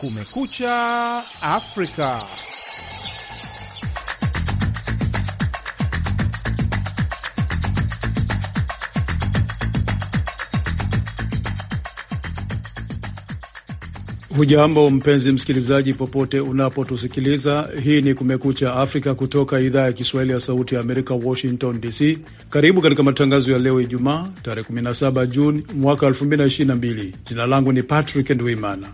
Kumekucha Afrika. Hujambo mpenzi msikilizaji, popote unapotusikiliza. Hii ni Kumekucha Afrika kutoka idhaa ya Kiswahili ya Sauti ya Amerika, Washington DC. Karibu katika matangazo ya leo Ijumaa, tarehe 17 Juni mwaka 2022. Jina langu ni Patrick Ndwimana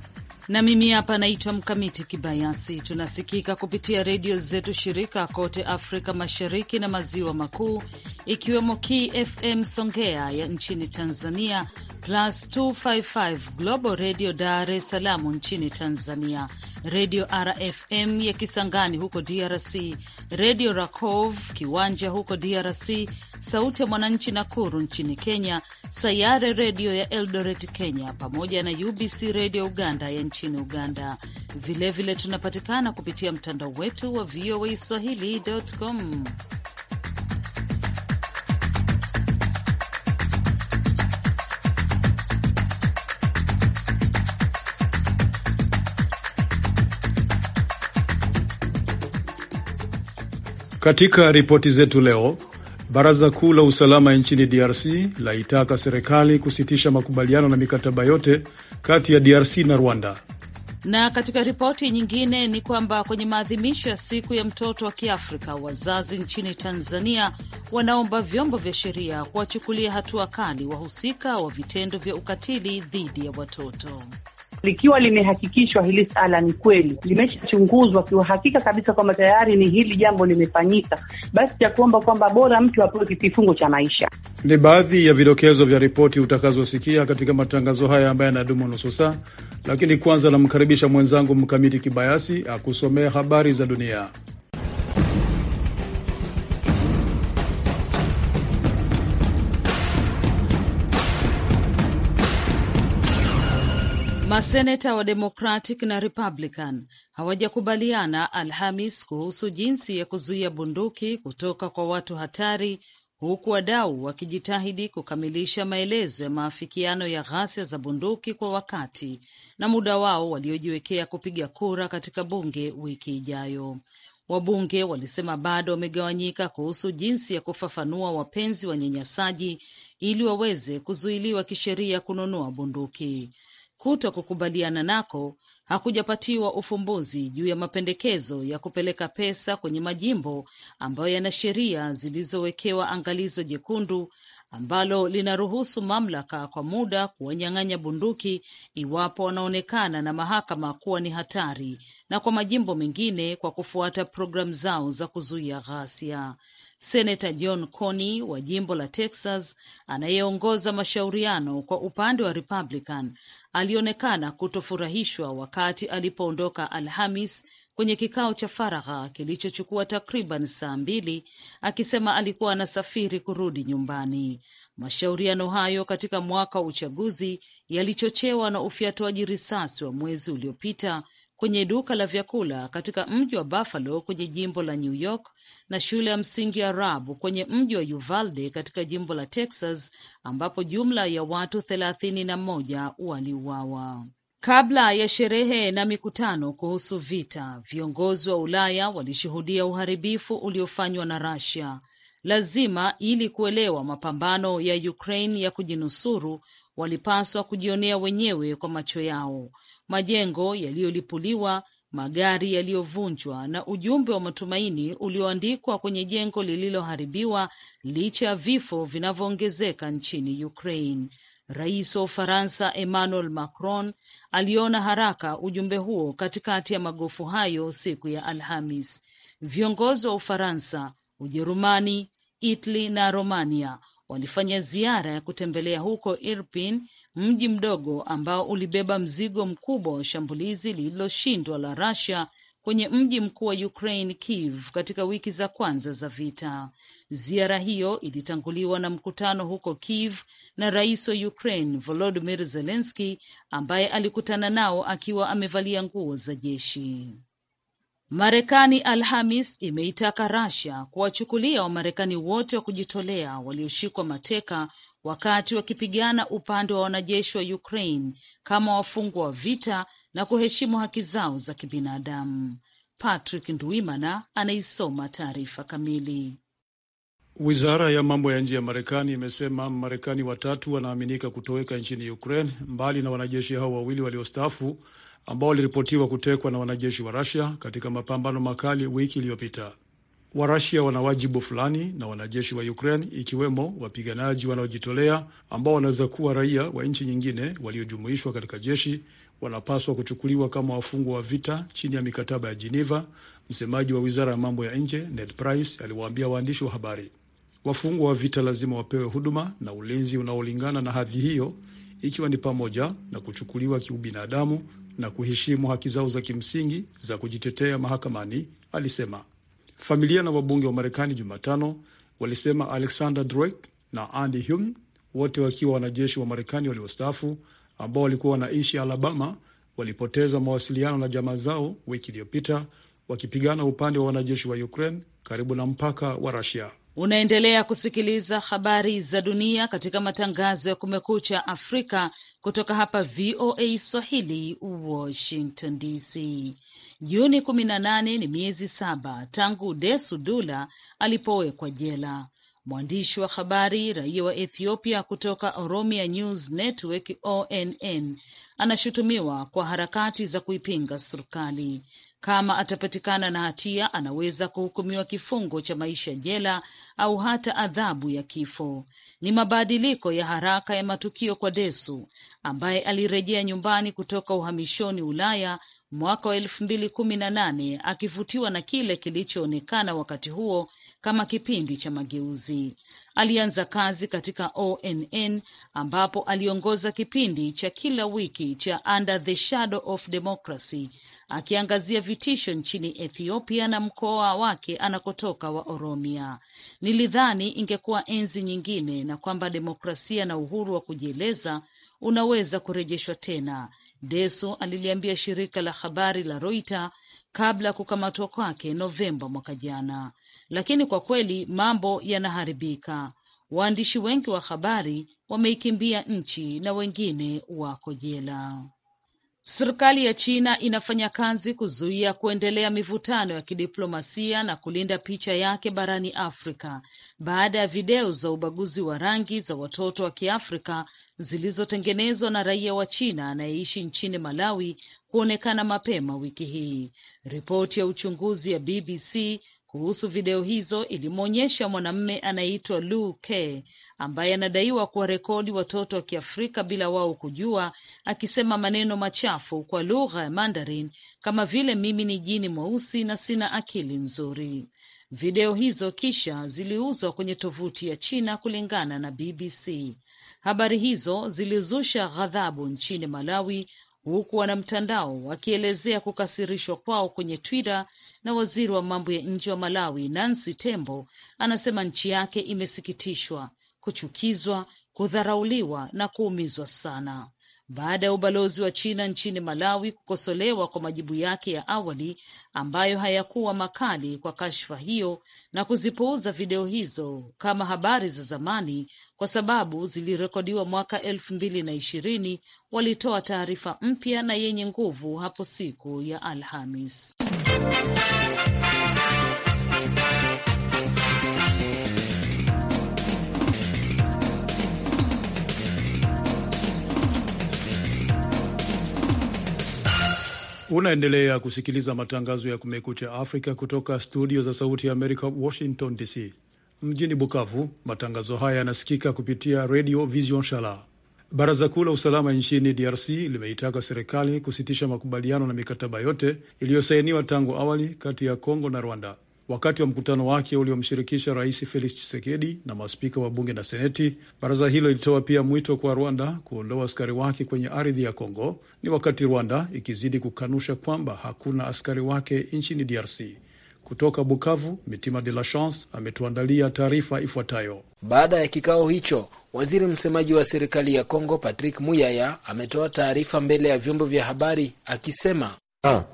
na mimi hapa naitwa Mkamiti Kibayasi. Tunasikika kupitia redio zetu shirika kote Afrika Mashariki na Maziwa Makuu, ikiwemo KFM Songea ya nchini Tanzania, Plus 255 Global Radio Dar es Salaam nchini Tanzania, Redio RFM ya Kisangani huko DRC, Redio Rakov Kiwanja huko DRC, Sauti ya Mwananchi Nakuru nchini Kenya, Sayare Redio ya Eldoret Kenya, pamoja na UBC Redio Uganda ya nchini Uganda. Vilevile vile tunapatikana kupitia mtandao wetu wa VOA Swahili.com. Katika ripoti zetu leo, Baraza Kuu la Usalama nchini DRC laitaka serikali kusitisha makubaliano na mikataba yote kati ya DRC na Rwanda. Na katika ripoti nyingine ni kwamba kwenye maadhimisho ya siku ya mtoto wa Kiafrika, wazazi nchini Tanzania wanaomba vyombo vya sheria kuwachukulia hatua kali wahusika wa vitendo vya ukatili dhidi ya watoto likiwa limehakikishwa hili sala ni kweli, limeshachunguzwa kiuhakika kabisa kwamba tayari ni hili jambo limefanyika, basi cha kuomba kwamba bora mtu apewe kifungo cha maisha. Ni baadhi ya vidokezo vya ripoti utakazosikia katika matangazo haya ambayo yanadumu nusu saa, lakini kwanza namkaribisha mwenzangu Mkamiti Kibayasi akusomea habari za dunia. Maseneta wa Democratic na Republican hawajakubaliana Alhamis kuhusu jinsi ya kuzuia bunduki kutoka kwa watu hatari huku wadau wakijitahidi kukamilisha maelezo ya maafikiano ya ghasia za bunduki kwa wakati na muda wao waliojiwekea kupiga kura katika bunge wiki ijayo. Wabunge walisema bado wamegawanyika kuhusu jinsi ya kufafanua wapenzi wanyanyasaji ili waweze kuzuiliwa kisheria kununua bunduki kuto kukubaliana nako hakujapatiwa ufumbuzi juu ya mapendekezo ya kupeleka pesa kwenye majimbo ambayo yana sheria zilizowekewa angalizo jekundu ambalo linaruhusu mamlaka kwa muda kuwanyang'anya bunduki iwapo wanaonekana na mahakama kuwa ni hatari, na kwa majimbo mengine kwa kufuata programu zao za kuzuia ghasia. Senata John cony wa jimbo la Texas anayeongoza mashauriano kwa upande wa Republican alionekana kutofurahishwa wakati alipoondoka Alhamis kwenye kikao cha faragha kilichochukua takriban saa mbili, akisema alikuwa anasafiri kurudi nyumbani. Mashauriano hayo katika mwaka wa uchaguzi yalichochewa na ufyatuaji risasi wa mwezi uliopita kwenye duka la vyakula katika mji wa Buffalo kwenye jimbo la New York na shule ya msingi ya rabu kwenye mji wa Uvalde katika jimbo la Texas ambapo jumla ya watu thelathini na moja waliuawa. Kabla ya sherehe na mikutano kuhusu vita, viongozi wa Ulaya walishuhudia uharibifu uliofanywa na Russia. Lazima ili kuelewa mapambano ya Ukraine ya kujinusuru, walipaswa kujionea wenyewe kwa macho yao majengo yaliyolipuliwa, magari yaliyovunjwa na ujumbe wa matumaini ulioandikwa kwenye jengo lililoharibiwa, licha ya vifo vinavyoongezeka nchini Ukraine. Rais wa Ufaransa Emmanuel Macron aliona haraka ujumbe huo katikati ya magofu hayo siku ya Alhamis. Viongozi wa Ufaransa, Ujerumani, Italy na Romania walifanya ziara ya kutembelea huko Irpin, mji mdogo ambao ulibeba mzigo mkubwa wa shambulizi lililoshindwa la Russia kwenye mji mkuu wa Ukraine Kiev katika wiki za kwanza za vita. Ziara hiyo ilitanguliwa na mkutano huko Kiev na rais wa Ukraine volodimir zelenski ambaye alikutana nao akiwa amevalia nguo za jeshi. Marekani Alhamis imeitaka rasia kuwachukulia Wamarekani wote wa kujitolea walioshikwa mateka wakati wakipigana upande wa wanajeshi wa Ukraine kama wafungwa wa vita na kuheshimu haki zao za kibinadamu. Patrick Ndwimana anaisoma taarifa kamili. Wizara ya mambo ya nje ya Marekani imesema Marekani watatu wanaaminika kutoweka nchini Ukraine, mbali na wanajeshi hao wawili waliostaafu ambao waliripotiwa kutekwa na wanajeshi wa Rasia katika mapambano makali wiki iliyopita. Warasia wana wajibu fulani na wanajeshi wa Ukraine, ikiwemo wapiganaji wanaojitolea ambao wanaweza kuwa raia wa nchi nyingine waliojumuishwa katika jeshi, wanapaswa kuchukuliwa kama wafungwa wa vita chini ya mikataba ya Geneva. Msemaji wa wizara ya mambo ya nje Ned Price aliwaambia waandishi wa habari, wafungwa wa vita lazima wapewe huduma na ulinzi unaolingana na hadhi hiyo, ikiwa ni pamoja na kuchukuliwa kiubinadamu na kuheshimu haki zao za kimsingi za kujitetea mahakamani, alisema. Familia na wabunge wa Marekani Jumatano walisema Alexander Drake na Andy Hume, wote wakiwa wanajeshi wa Marekani waliostaafu ambao walikuwa wanaishi Alabama, walipoteza mawasiliano na jamaa zao wiki iliyopita wakipigana upande wa wanajeshi wa Ukraine karibu na mpaka wa rasia Unaendelea kusikiliza habari za dunia katika matangazo ya Kumekucha Afrika kutoka hapa VOA Swahili, Washington DC. Juni kumi na nane ni miezi saba tangu Desu Dula alipowekwa jela. Mwandishi wa habari raia wa Ethiopia kutoka Oromia News Network ONN anashutumiwa kwa harakati za kuipinga serikali. Kama atapatikana na hatia, anaweza kuhukumiwa kifungo cha maisha jela au hata adhabu ya kifo. Ni mabadiliko ya haraka ya matukio kwa Desu ambaye alirejea nyumbani kutoka uhamishoni Ulaya mwaka wa elfu mbili kumi na nane akivutiwa na kile kilichoonekana wakati huo kama kipindi cha mageuzi. Alianza kazi katika ONN ambapo aliongoza kipindi cha kila wiki cha Under the Shadow of Democracy akiangazia vitisho nchini Ethiopia na mkoa wake anakotoka wa Oromia. Nilidhani ingekuwa enzi nyingine na kwamba demokrasia na uhuru wa kujieleza unaweza kurejeshwa tena, Deso aliliambia shirika la habari la Reuters kabla ya kukamatwa kwake Novemba mwaka jana lakini kwa kweli mambo yanaharibika. Waandishi wengi wa habari wameikimbia nchi na wengine wako jela. Serikali ya China inafanya kazi kuzuia kuendelea mivutano ya kidiplomasia na kulinda picha yake barani Afrika baada ya video za ubaguzi wa rangi za watoto wa Kiafrika zilizotengenezwa na raia wa China anayeishi nchini Malawi kuonekana mapema wiki hii. Ripoti ya uchunguzi ya BBC kuhusu video hizo, ilimwonyesha mwanamme anayeitwa Lu K ambaye anadaiwa kuwarekodi watoto wa Kiafrika bila wao kujua, akisema maneno machafu kwa lugha ya Mandarin kama vile mimi ni jini mweusi na sina akili nzuri. Video hizo kisha ziliuzwa kwenye tovuti ya China kulingana na BBC. Habari hizo zilizusha ghadhabu nchini Malawi, huku wanamtandao wakielezea kukasirishwa kwao kwenye Twitter na waziri wa mambo ya nje wa Malawi Nancy Tembo anasema nchi yake imesikitishwa, kuchukizwa, kudharauliwa na kuumizwa sana baada ya ubalozi wa China nchini Malawi kukosolewa kwa majibu yake ya awali ambayo hayakuwa makali kwa kashfa hiyo na kuzipuuza video hizo kama habari za zamani kwa sababu zilirekodiwa mwaka elfu mbili na ishirini, walitoa taarifa mpya na yenye nguvu hapo siku ya Alhamis. Unaendelea kusikiliza matangazo ya Kumekucha Afrika kutoka studio za Sauti ya Amerika, Washington DC. Mjini Bukavu, matangazo haya yanasikika kupitia Radio Vision Shala. Baraza Kuu la Usalama nchini DRC limeitaka serikali kusitisha makubaliano na mikataba yote iliyosainiwa tangu awali kati ya Kongo na Rwanda. Wakati wa mkutano wake uliomshirikisha Rais Felix Tshisekedi na maspika wa bunge na seneti, baraza hilo lilitoa pia mwito kwa Rwanda kuondoa askari wake kwenye ardhi ya Kongo. Ni wakati Rwanda ikizidi kukanusha kwamba hakuna askari wake nchini DRC. Kutoka Bukavu, Mitima de la Chance ametuandalia taarifa ifuatayo. Baada ya kikao hicho, waziri msemaji wa serikali ya Kongo Patrick Muyaya ametoa taarifa mbele ya vyombo vya habari akisema Ah,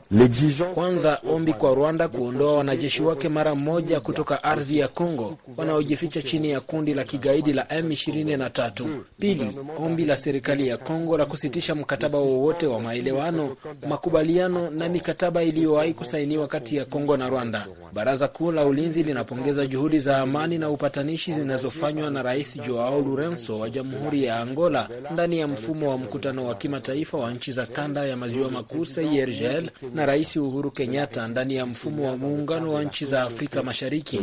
Kwanza, ombi kwa Rwanda kuondoa wanajeshi wake mara moja kutoka ardhi ya Kongo wanaojificha chini ya kundi la kigaidi la M23. Pili, ombi la serikali ya Kongo la kusitisha mkataba wowote wa maelewano, makubaliano na mikataba iliyowahi kusainiwa kati ya Kongo na Rwanda. Baraza Kuu la Ulinzi linapongeza juhudi za amani na upatanishi zinazofanywa na Rais Joao Lourenco wa Jamhuri ya Angola ndani ya mfumo wa mkutano wa kimataifa wa nchi za kanda ya maziwa makuu CIRGL Israel na Rais Uhuru Kenyatta ndani ya mfumo wa muungano wa nchi za Afrika Mashariki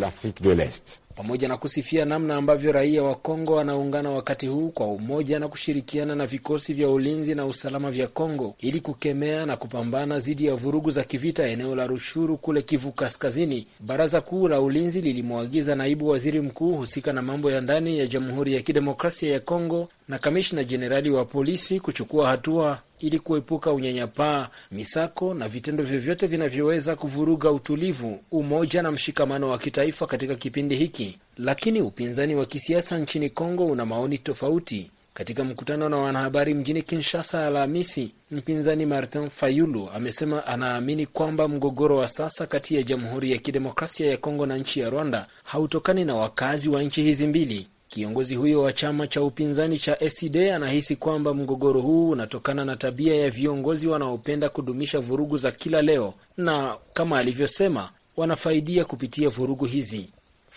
pamoja na kusifia namna ambavyo raia wa Kongo wanaungana wakati huu kwa umoja na kushirikiana na vikosi vya ulinzi na usalama vya Kongo ili kukemea na kupambana dhidi ya vurugu za kivita eneo la Rushuru kule Kivu Kaskazini. Baraza Kuu la Ulinzi lilimwagiza naibu waziri mkuu husika na mambo ya ndani ya Jamhuri ya Kidemokrasia ya Kongo na kamishna jenerali wa polisi kuchukua hatua ili kuepuka unyanyapaa, misako na vitendo vyovyote vinavyoweza kuvuruga utulivu, umoja na mshikamano wa kitaifa katika kipindi hiki lakini upinzani wa kisiasa nchini Kongo una maoni tofauti. Katika mkutano na wanahabari mjini Kinshasa Alhamisi, mpinzani Martin Fayulu amesema anaamini kwamba mgogoro wa sasa kati ya Jamhuri ya Kidemokrasia ya Kongo na nchi ya Rwanda hautokani na wakazi wa nchi hizi mbili. Kiongozi huyo wa chama cha upinzani cha SED anahisi kwamba mgogoro huu unatokana na tabia ya viongozi wanaopenda kudumisha vurugu za kila leo, na kama alivyosema, wanafaidia kupitia vurugu hizi.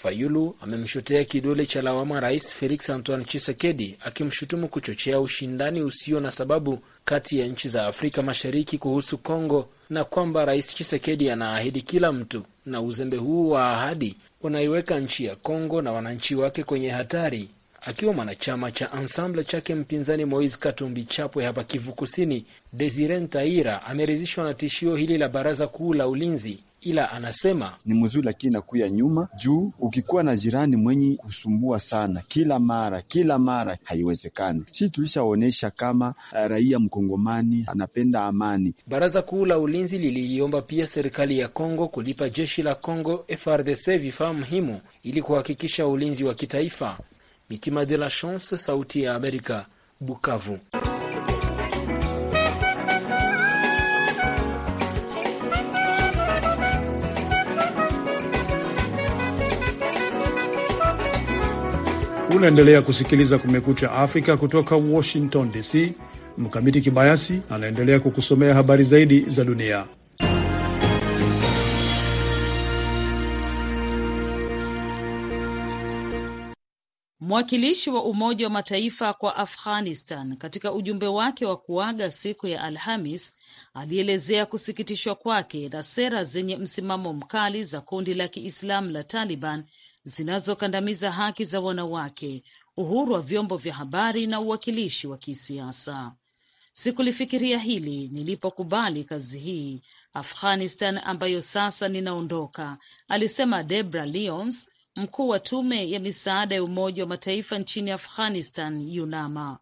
Fayulu amemshotea kidole cha lawama Rais Felix Antoine Chisekedi akimshutumu kuchochea ushindani usio na sababu kati ya nchi za Afrika Mashariki kuhusu Kongo na kwamba Rais Chisekedi anaahidi kila mtu na uzembe huu wa ahadi unaiweka nchi ya Kongo na wananchi wake kwenye hatari akiwa mwanachama cha ansamble chake mpinzani Moise Katumbi Chapwe hapa Kivu Kusini. Desiren Taira ameridhishwa na tishio hili la baraza kuu la ulinzi ila anasema ni mzuri lakini nakuya nyuma juu. Ukikuwa na jirani mwenye kusumbua sana kila mara kila mara, haiwezekani. Si tulishaonyesha kama eh, raia mkongomani anapenda amani. Baraza kuu la ulinzi liliiomba pia serikali ya Kongo kulipa jeshi la Kongo frdc vifaa muhimu ili kuhakikisha ulinzi wa kitaifa. Mitima de la Chance, Sauti ya Amerika, Bukavu. Unaendelea kusikiliza Kumekucha Afrika kutoka Washington DC. Mkamiti Kibayasi anaendelea kukusomea habari zaidi za dunia. Mwakilishi wa Umoja wa Mataifa kwa Afghanistan katika ujumbe wake wa kuaga siku ya Alhamis alielezea kusikitishwa kwake na sera zenye msimamo mkali za kundi la Kiislamu la Taliban zinazokandamiza haki za wanawake, uhuru wa vyombo vya habari na uwakilishi wa kisiasa. Sikulifikiria hili nilipokubali kazi hii Afghanistan ambayo sasa ninaondoka, alisema Debra Lyons, mkuu wa tume ya misaada ya Umoja wa Mataifa nchini Afghanistan, YUNAMA.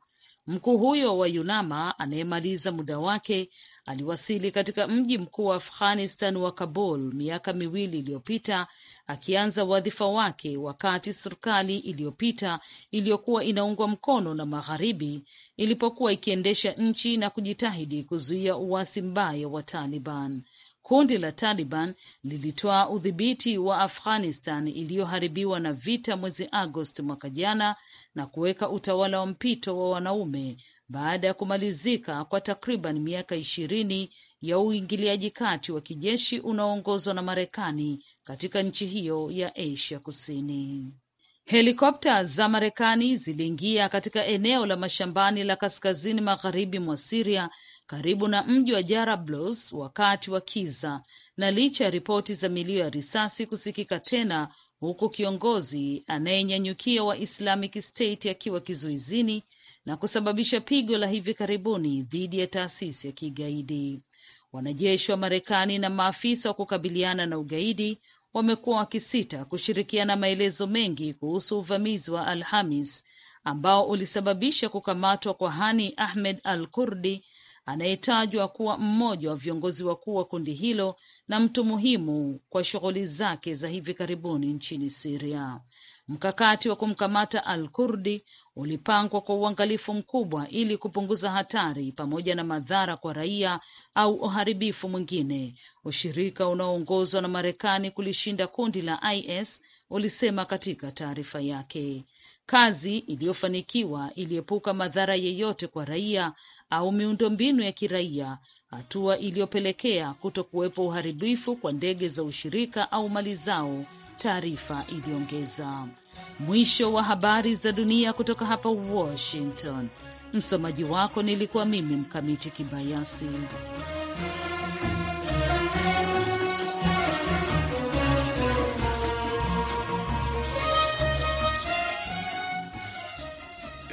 Mkuu huyo wa YUNAMA anayemaliza muda wake aliwasili katika mji mkuu wa Afghanistan wa Kabul miaka miwili iliyopita akianza wadhifa wake wakati serikali iliyopita iliyokuwa inaungwa mkono na magharibi ilipokuwa ikiendesha nchi na kujitahidi kuzuia uasi mbaya wa Taliban. Kundi la Taliban lilitoa udhibiti wa Afghanistan iliyoharibiwa na vita mwezi Agosti mwaka jana na kuweka utawala wa mpito wa wanaume baada ya kumalizika kwa takriban miaka ishirini ya uingiliaji kati wa kijeshi unaoongozwa na Marekani katika nchi hiyo ya Asia Kusini. Helikopta za Marekani ziliingia katika eneo la mashambani la kaskazini magharibi mwa Siria karibu na mji wa Jarablus wakati wa kiza, na licha ya ripoti za milio ya risasi kusikika tena, huku kiongozi anayenyanyukia wa Islamic State akiwa kizuizini na kusababisha pigo la hivi karibuni dhidi ya taasisi ya kigaidi. Wanajeshi wa Marekani na maafisa wa kukabiliana na ugaidi wamekuwa wakisita kushirikiana maelezo mengi kuhusu uvamizi wa Alhamis ambao ulisababisha kukamatwa kwa Hani Ahmed al Kurdi, anayetajwa kuwa mmoja wa viongozi wakuu wa kundi hilo na mtu muhimu kwa shughuli zake za hivi karibuni nchini Siria. Mkakati wa kumkamata Al Kurdi ulipangwa kwa uangalifu mkubwa ili kupunguza hatari pamoja na madhara kwa raia au uharibifu mwingine. Ushirika unaoongozwa na Marekani kulishinda kundi la IS ulisema katika taarifa yake. Kazi iliyofanikiwa iliepuka madhara yeyote kwa raia au miundombinu ya kiraia, hatua iliyopelekea kutokuwepo uharibifu kwa ndege za ushirika au mali zao, taarifa iliongeza. Mwisho wa habari za dunia kutoka hapa Washington. Msomaji wako nilikuwa mimi Mkamiti Kibayasi.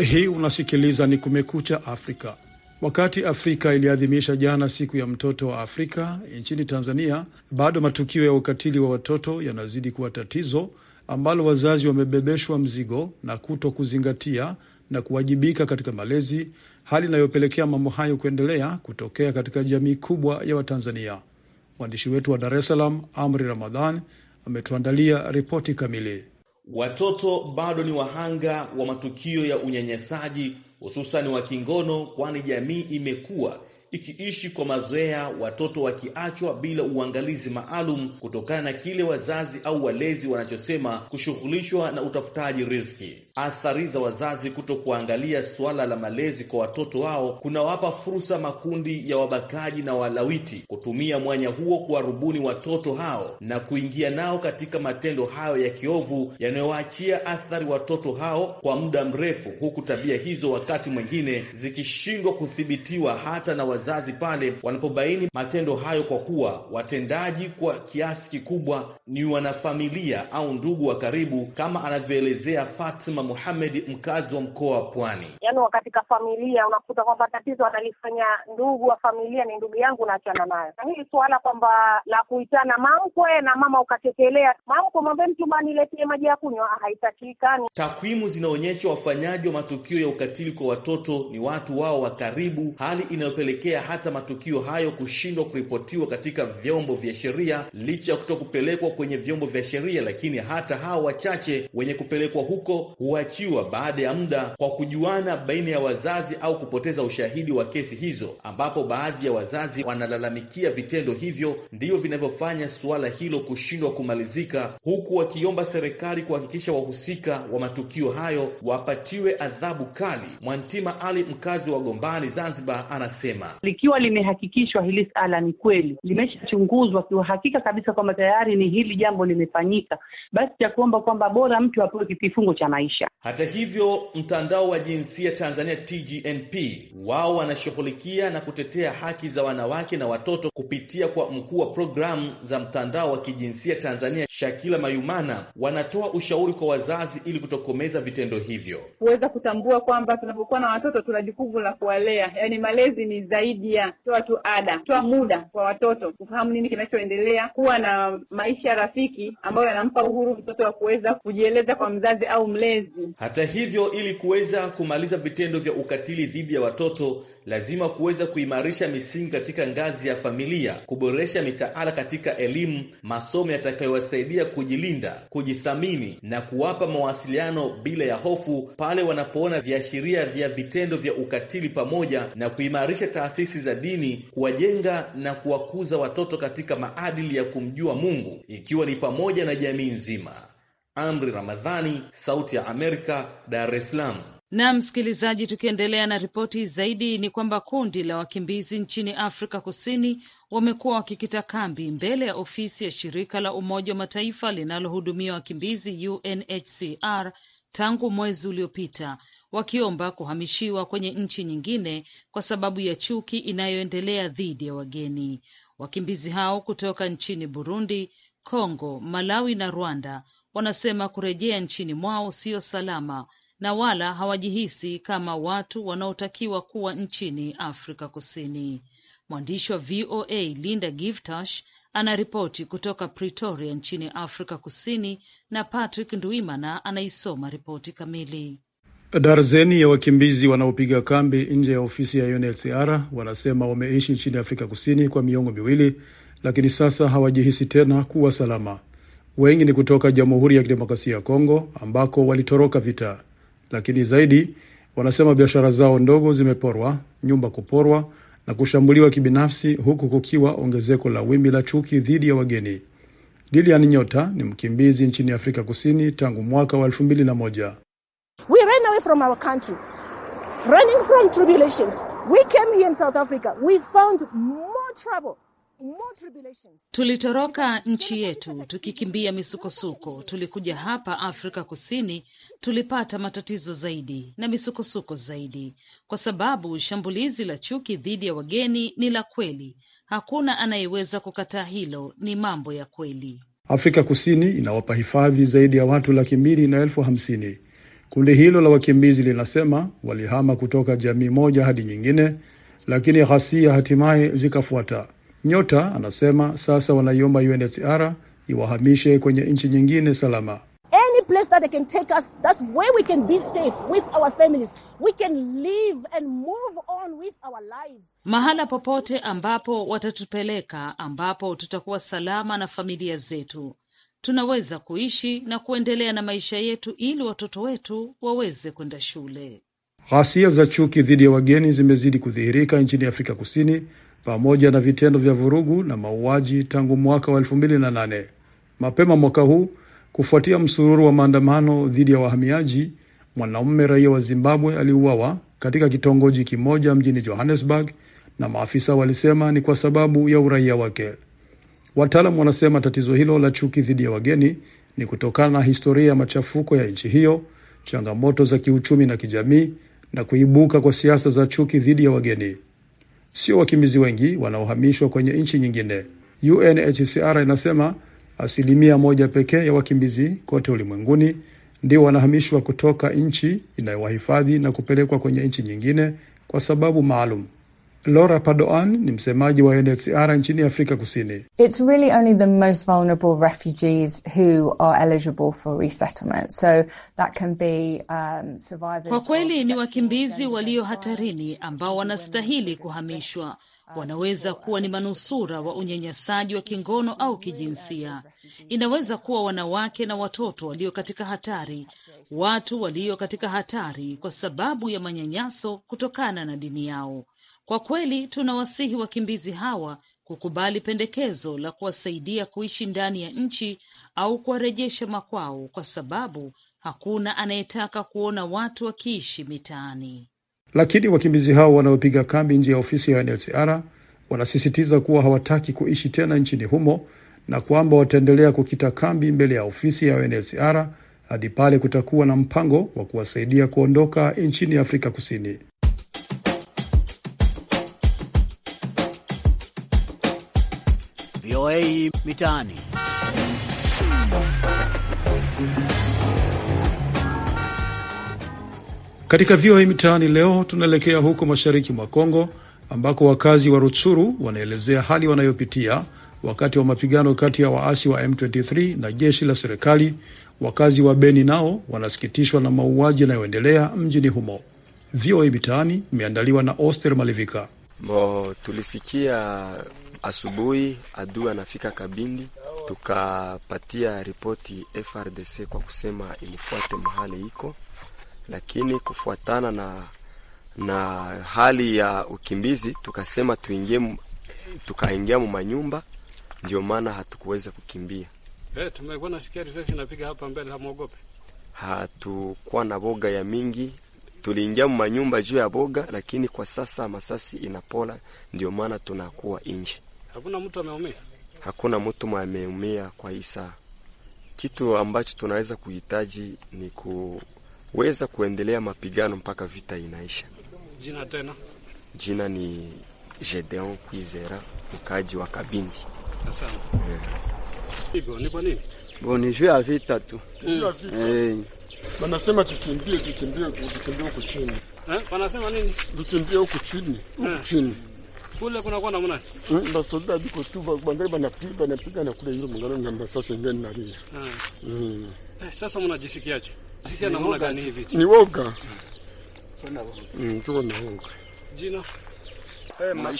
Hii unasikiliza ni Kumekucha Afrika. Wakati Afrika iliadhimisha jana siku ya mtoto wa Afrika, nchini Tanzania bado matukio ya ukatili wa watoto yanazidi kuwa tatizo ambalo wazazi wamebebeshwa mzigo na kuto kuzingatia na kuwajibika katika malezi, hali inayopelekea mambo hayo kuendelea kutokea katika jamii kubwa ya Watanzania. Mwandishi wetu wa Dar es Salaam, Amri Ramadhan, ametuandalia ripoti kamili. Watoto bado ni wahanga wa matukio ya unyanyasaji hususan wa kingono, kwani jamii imekuwa ikiishi kwa mazoea, watoto wakiachwa bila uangalizi maalum kutokana na kile wazazi au walezi wanachosema kushughulishwa na utafutaji riziki. Athari za wazazi kuto kuangalia suala la malezi kwa watoto wao kunawapa fursa makundi ya wabakaji na walawiti kutumia mwanya huo kuwarubuni watoto hao na kuingia nao katika matendo hayo ya kiovu yanayowaachia athari watoto hao kwa muda mrefu, huku tabia hizo wakati mwingine zikishindwa kuthibitiwa hata na wazazi pale wanapobaini matendo hayo, kwa kuwa watendaji kwa kiasi kikubwa ni wanafamilia au ndugu wa karibu, kama anavyoelezea Fatima Muhamed, mkazi wa mkoa wa Pwani. yani katika familia unakuta kwamba tatizo analifanya ndugu wa familia, ni ndugu yangu, naachana nayo. Na hili suala kwamba la kuitana mamkwe na mama ukatekelea mamkwe, mwambie mchumba niletee maji ya kunywa, ah, haitakikani. Takwimu zinaonyesha wafanyaji wa matukio ya ukatili kwa watoto ni watu wao wa karibu, hali inayopelekea kupelekea hata matukio hayo kushindwa kuripotiwa katika vyombo vya sheria, licha ya kuto kupelekwa kwenye vyombo vya sheria. Lakini hata hawa wachache wenye kupelekwa huko huachiwa baada ya muda kwa kujuana baina ya wazazi au kupoteza ushahidi wa kesi hizo, ambapo baadhi ya wazazi wanalalamikia vitendo hivyo ndivyo vinavyofanya suala hilo kushindwa kumalizika, huku wakiomba serikali kuhakikisha wahusika wa matukio hayo wapatiwe adhabu kali. Mwantima Ali, mkazi wa Gombani, Zanzibar, anasema likiwa limehakikishwa hili sala ni kweli, limeshachunguzwa kiuhakika kabisa kwamba tayari ni hili jambo limefanyika, basi cha kuomba kwamba bora mtu apewe kifungo cha maisha. Hata hivyo, mtandao wa jinsia Tanzania TGNP wao wanashughulikia na kutetea haki za wanawake na watoto kupitia kwa mkuu wa programu za mtandao wa kijinsia Tanzania Shakila Mayumana, wanatoa ushauri kwa wazazi ili kutokomeza vitendo hivyo, kuweza kutambua kwamba tunapokuwa na watoto tuna jukumu la kuwalea, yaani malezi ni zaidi zaidi ya toa tu ada, toa muda kwa watoto kufahamu nini kinachoendelea, kuwa na maisha rafiki ambayo yanampa uhuru mtoto wa kuweza kujieleza kwa mzazi au mlezi. Hata hivyo, ili kuweza kumaliza vitendo vya ukatili dhidi ya watoto lazima kuweza kuimarisha misingi katika ngazi ya familia, kuboresha mitaala katika elimu, masomo yatakayowasaidia kujilinda, kujithamini na kuwapa mawasiliano bila ya hofu pale wanapoona viashiria vya vitendo vya ukatili, pamoja na kuimarisha taasisi za dini, kuwajenga na kuwakuza watoto katika maadili ya kumjua Mungu, ikiwa ni pamoja na jamii nzima. Amri Ramadhani, Sauti ya Amerika, Dar es Salaam. Na msikilizaji, tukiendelea na ripoti zaidi ni kwamba kundi la wakimbizi nchini Afrika Kusini wamekuwa wakikita kambi mbele ya ofisi ya shirika la Umoja wa Mataifa linalohudumia wakimbizi UNHCR tangu mwezi uliopita wakiomba kuhamishiwa kwenye nchi nyingine kwa sababu ya chuki inayoendelea dhidi ya wageni. Wakimbizi hao kutoka nchini Burundi, Kongo, Malawi na Rwanda wanasema kurejea nchini mwao sio salama na wala hawajihisi kama watu wanaotakiwa kuwa nchini Afrika Kusini. Mwandishi wa VOA Linda Givtash anaripoti kutoka Pretoria nchini Afrika Kusini, na Patrick Ndwimana anaisoma ripoti kamili. Darzeni ya wakimbizi wanaopiga kambi nje ya ofisi ya UNHCR wanasema wameishi nchini Afrika Kusini kwa miongo miwili, lakini sasa hawajihisi tena kuwa salama. Wengi ni kutoka Jamhuri ya Kidemokrasia ya Kongo ambako walitoroka vita lakini zaidi wanasema biashara zao ndogo zimeporwa, nyumba kuporwa na kushambuliwa kibinafsi, huku kukiwa ongezeko la wimbi la chuki dhidi ya wageni. Lilian Nyota ni mkimbizi nchini Afrika Kusini tangu mwaka wa elfu mbili na moja. We Tulitoroka nchi yetu tukikimbia misukosuko, tulikuja hapa Afrika Kusini, tulipata matatizo zaidi na misukosuko zaidi, kwa sababu shambulizi la chuki dhidi ya wageni ni la kweli. Hakuna anayeweza kukataa hilo, ni mambo ya kweli. Afrika Kusini inawapa hifadhi zaidi ya watu laki mbili na elfu hamsini. Kundi hilo la wakimbizi linasema walihama kutoka jamii moja hadi nyingine, lakini ghasia hatimaye zikafuata. Nyota anasema sasa wanaiomba UNHCR iwahamishe kwenye nchi nyingine salama. Mahala popote ambapo watatupeleka, ambapo tutakuwa salama na familia zetu, tunaweza kuishi na kuendelea na maisha yetu ili watoto wetu waweze kwenda shule. Ghasia za chuki dhidi ya wageni zimezidi kudhihirika nchini Afrika Kusini pamoja na vitendo vya vurugu na mauaji tangu mwaka wa 2008. Mapema mwaka huu, kufuatia msururu wa maandamano dhidi ya wahamiaji, mwanaume raia wa Zimbabwe aliuawa katika kitongoji kimoja mjini Johannesburg, na maafisa walisema ni kwa sababu ya uraia wake. Wataalamu wanasema tatizo hilo la chuki dhidi ya wageni ni kutokana na historia ya machafuko ya nchi hiyo, changamoto za kiuchumi na kijamii, na kuibuka kwa siasa za chuki dhidi ya wageni sio wakimbizi wengi wanaohamishwa kwenye nchi nyingine. UNHCR inasema asilimia moja pekee ya wakimbizi kote ulimwenguni ndio wanahamishwa kutoka nchi inayowahifadhi na kupelekwa kwenye nchi nyingine kwa sababu maalum. Laura Padoan ni msemaji wa UNHCR nchini Afrika Kusini. It's really only the most vulnerable refugees who are eligible for resettlement. So that can be um, survivors. Kwa kweli ni wakimbizi walio hatarini ambao wanastahili kuhamishwa wanaweza kuwa ni manusura wa unyanyasaji wa kingono au kijinsia. Inaweza kuwa wanawake na watoto walio katika hatari, watu walio katika hatari kwa sababu ya manyanyaso kutokana na dini yao. Kwa kweli tunawasihi wakimbizi hawa kukubali pendekezo la kuwasaidia kuishi ndani ya nchi au kuwarejesha makwao, kwa sababu hakuna anayetaka kuona watu wakiishi mitaani. Lakini wakimbizi hao wanaopiga kambi nje ya ofisi ya UNHCR wanasisitiza kuwa hawataki kuishi tena nchini humo na kwamba wataendelea kukita kambi mbele ya ofisi ya UNHCR hadi pale kutakuwa na mpango wa kuwasaidia kuondoka nchini Afrika Kusini. VOA Mitaani. Katika VOA Mitaani leo tunaelekea huko mashariki mwa Kongo ambako wakazi wa Rutshuru wanaelezea hali wanayopitia wakati wa mapigano kati ya waasi wa M23 na jeshi la serikali. Wakazi wa Beni nao wanasikitishwa na mauaji yanayoendelea mjini humo. VOA Mitaani imeandaliwa na Oster Malivika. Bo, tulisikia Asubuhi adui anafika Kabindi, tukapatia ripoti FRDC kwa kusema ilifuate mahali iko, lakini kufuatana na na hali ya ukimbizi tukasema tuingie, tukaingia mu manyumba, ndio maana hatukuweza kukimbia. Hey, eh, tumekuwa nasikia risasi inapiga hapa mbele, Hatukuwa na boga ya mingi, tuliingia mu manyumba juu ya boga, lakini kwa sasa masasi inapola, ndio maana tunakuwa nje. Hakuna mtu ameumia, hakuna mtu ameumia kwa hii saa. Kitu ambacho tunaweza kuhitaji ni kuweza kuendelea mapigano mpaka vita inaisha. Jina tena, jina ni Gedeon Kwizera, mkaji wa Kabindi. Asante. Eh. Higo ni kwa nini? Boni juu ya vita tu. Eh. Wanasema tukimbie, tukimbie, tukimbie huko chini. Eh? Wanasema nini? Tukimbie huko chini, huko eh. chini kule kunakuwa namna eh, basoda biko tu bangali banapiga na kule mungano ngani Sasa mnajisikiaje? Sikia namna gani hivi vitu? Ni woga. Mm, tuko na woga. Jina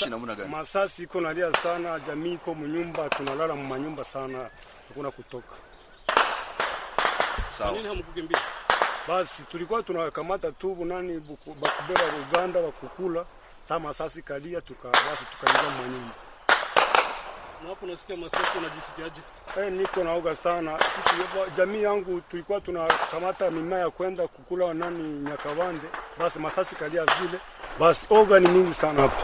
namna eh, gani? Masasi iko nalia sana, jamii iko mnyumba, tunalala mmanyumba sana, hakuna kutoka. Sawa. Nini hamkukimbia? Basi tulikuwa tunakamata tu nani bakubeba Uganda bakukula Sama sasi kalia tuka tukaingia mwanyumba. Na hapo nasikia masasi unajisikiaje? Eh, niko naoga sana. Sisi yopo, jamii yangu tulikuwa tunakamata mimea ya kwenda kukula nani Nyakawande. Basi masasi kalia zile. Basi oga ni mingi sana hapo.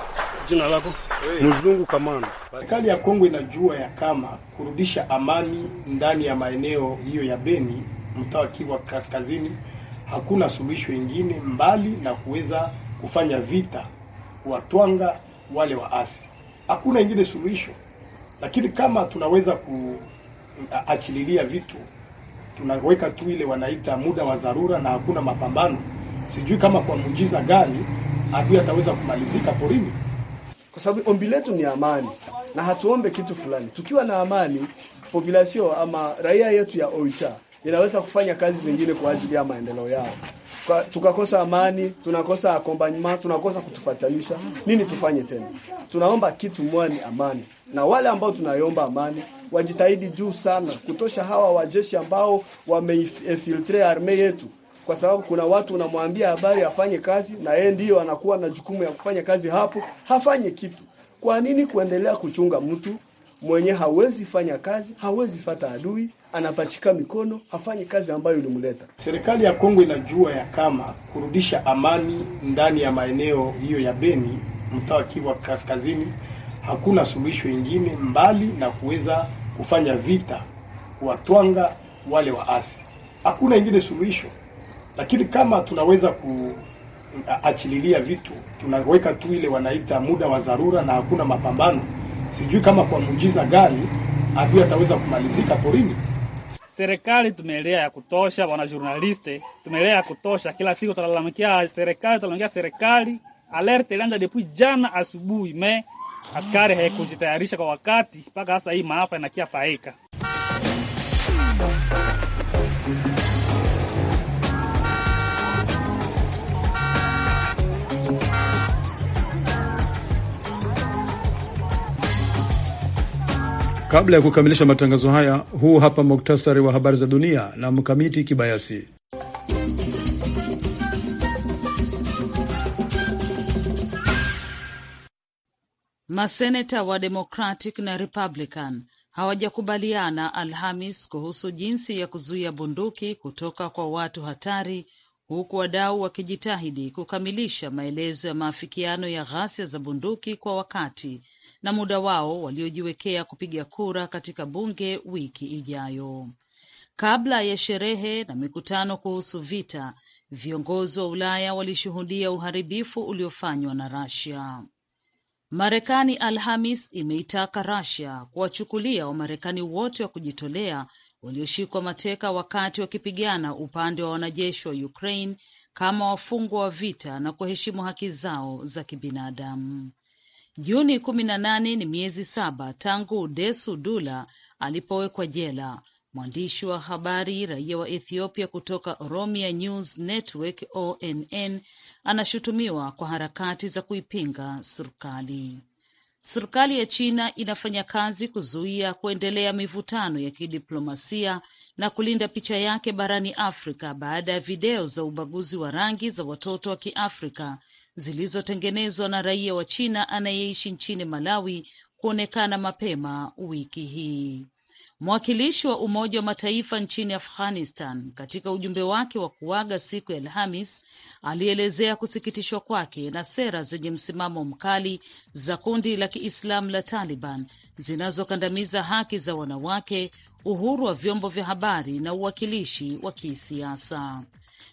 Jina lako? Hey. Mzungu Kamana. Serikali ya Kongo inajua ya kama kurudisha amani ndani ya maeneo hiyo ya Beni, mtaa wa Kivu Kaskazini, hakuna suluhisho ingine mbali na kuweza kufanya vita kuwatwanga wale waasi. Hakuna ingine suluhisho, lakini kama tunaweza kuachililia vitu, tunaweka tu ile wanaita muda wa dharura na hakuna mapambano, sijui kama kwa mujiza gani adui ataweza kumalizika porini, kwa sababu ombi letu ni amani na hatuombe kitu fulani. Tukiwa na amani, population ama raia yetu ya Oicha inaweza kufanya kazi zingine kwa ajili ya maendeleo yao. Kwa, tukakosa amani, tunakosa akombanyima, tunakosa kutufatanisha. Nini tufanye tena? Tunaomba kitu moja ni amani, na wale ambao tunaiomba amani wajitahidi juu sana kutosha hawa wajeshi ambao wameifiltre arme yetu, kwa sababu kuna watu unamwambia habari afanye kazi na yeye ndiyo anakuwa na jukumu ya kufanya kazi, hapo hafanye kitu. Kwa nini kuendelea kuchunga mtu mwenye hawezi fanya kazi, hawezi fata adui anapachika mikono afanye kazi ambayo ilimleta. Serikali ya Kongo inajua ya kama kurudisha amani ndani ya maeneo hiyo ya Beni, mtaa wa Kivu Kaskazini, hakuna suluhisho ingine mbali na kuweza kufanya vita kuwatwanga wale waasi, hakuna ingine suluhisho. Lakini kama tunaweza achililia vitu, tunaweka tu ile wanaita muda wa dharura na hakuna mapambano, sijui kama kwa muujiza gani adui ataweza kumalizika porini serikali tumeelea ya kutosha, wana journaliste tumeelea ya kutosha. Kila siku tunalalamikia serikali, tunalalamikia serikali. Alert ilianza depuis jana asubuhi me askari haikujitayarisha kwa wakati, mpaka sasa hii maafa inakia faika. Kabla ya kukamilisha matangazo haya, huu hapa muktasari wa habari za dunia na Mkamiti Kibayasi. Maseneta wa Democratic na Republican hawajakubaliana Alhamis kuhusu jinsi ya kuzuia bunduki kutoka kwa watu hatari huku wadau wakijitahidi kukamilisha maelezo ya maafikiano ya ghasia za bunduki kwa wakati na muda wao waliojiwekea kupiga kura katika bunge wiki ijayo. Kabla ya sherehe na mikutano kuhusu vita, viongozi wa Ulaya walishuhudia uharibifu uliofanywa na rasia Marekani Alhamis imeitaka rasia kuwachukulia Wamarekani wote wa kujitolea walioshikwa mateka wakati wakipigana upande wa wanajeshi wa Ukraine kama wafungwa wa vita na kuheshimu haki zao za kibinadamu. Juni kumi na nane ni miezi saba tangu Desu Dula alipowekwa jela, mwandishi wa habari raia wa Ethiopia kutoka Oromia News Network ONN anashutumiwa kwa harakati za kuipinga serikali. Serikali ya China inafanya kazi kuzuia kuendelea mivutano ya kidiplomasia na kulinda picha yake barani Afrika baada ya video za ubaguzi wa rangi za watoto wa Kiafrika zilizotengenezwa na raia wa China anayeishi nchini Malawi kuonekana mapema wiki hii. Mwakilishi wa Umoja wa Mataifa nchini Afghanistan katika ujumbe wake wa kuaga siku ya Alhamis alielezea kusikitishwa kwake na sera zenye msimamo mkali za kundi la Kiislamu la Taliban zinazokandamiza haki za wanawake, uhuru wa vyombo vya habari na uwakilishi wa kisiasa.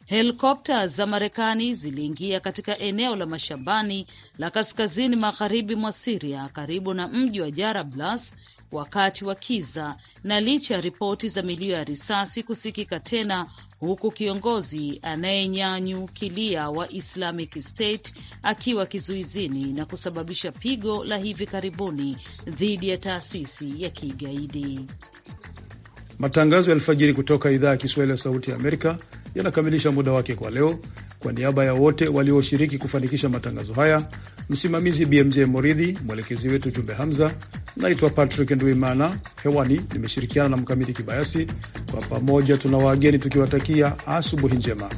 Helikopta za Marekani ziliingia katika eneo la mashambani la kaskazini magharibi mwa Siria karibu na mji wa Jarablas wakati wa kiza na licha ya ripoti za milio ya risasi kusikika tena, huku kiongozi anayenyanyukilia wa Islamic State akiwa kizuizini na kusababisha pigo la hivi karibuni dhidi ya taasisi ya kigaidi. Matangazo ya alfajiri kutoka idhaa ya Kiswahili ya Sauti ya Amerika yanakamilisha muda wake kwa leo. Kwa niaba ya wote walioshiriki kufanikisha matangazo haya, msimamizi BMJ Moridhi, mwelekezi wetu Jumbe Hamza. Naitwa Patrick Ndwimana, hewani nimeshirikiana na Mkamiti Kibayasi. Kwa pamoja tuna wageni tukiwatakia asubuhi njema.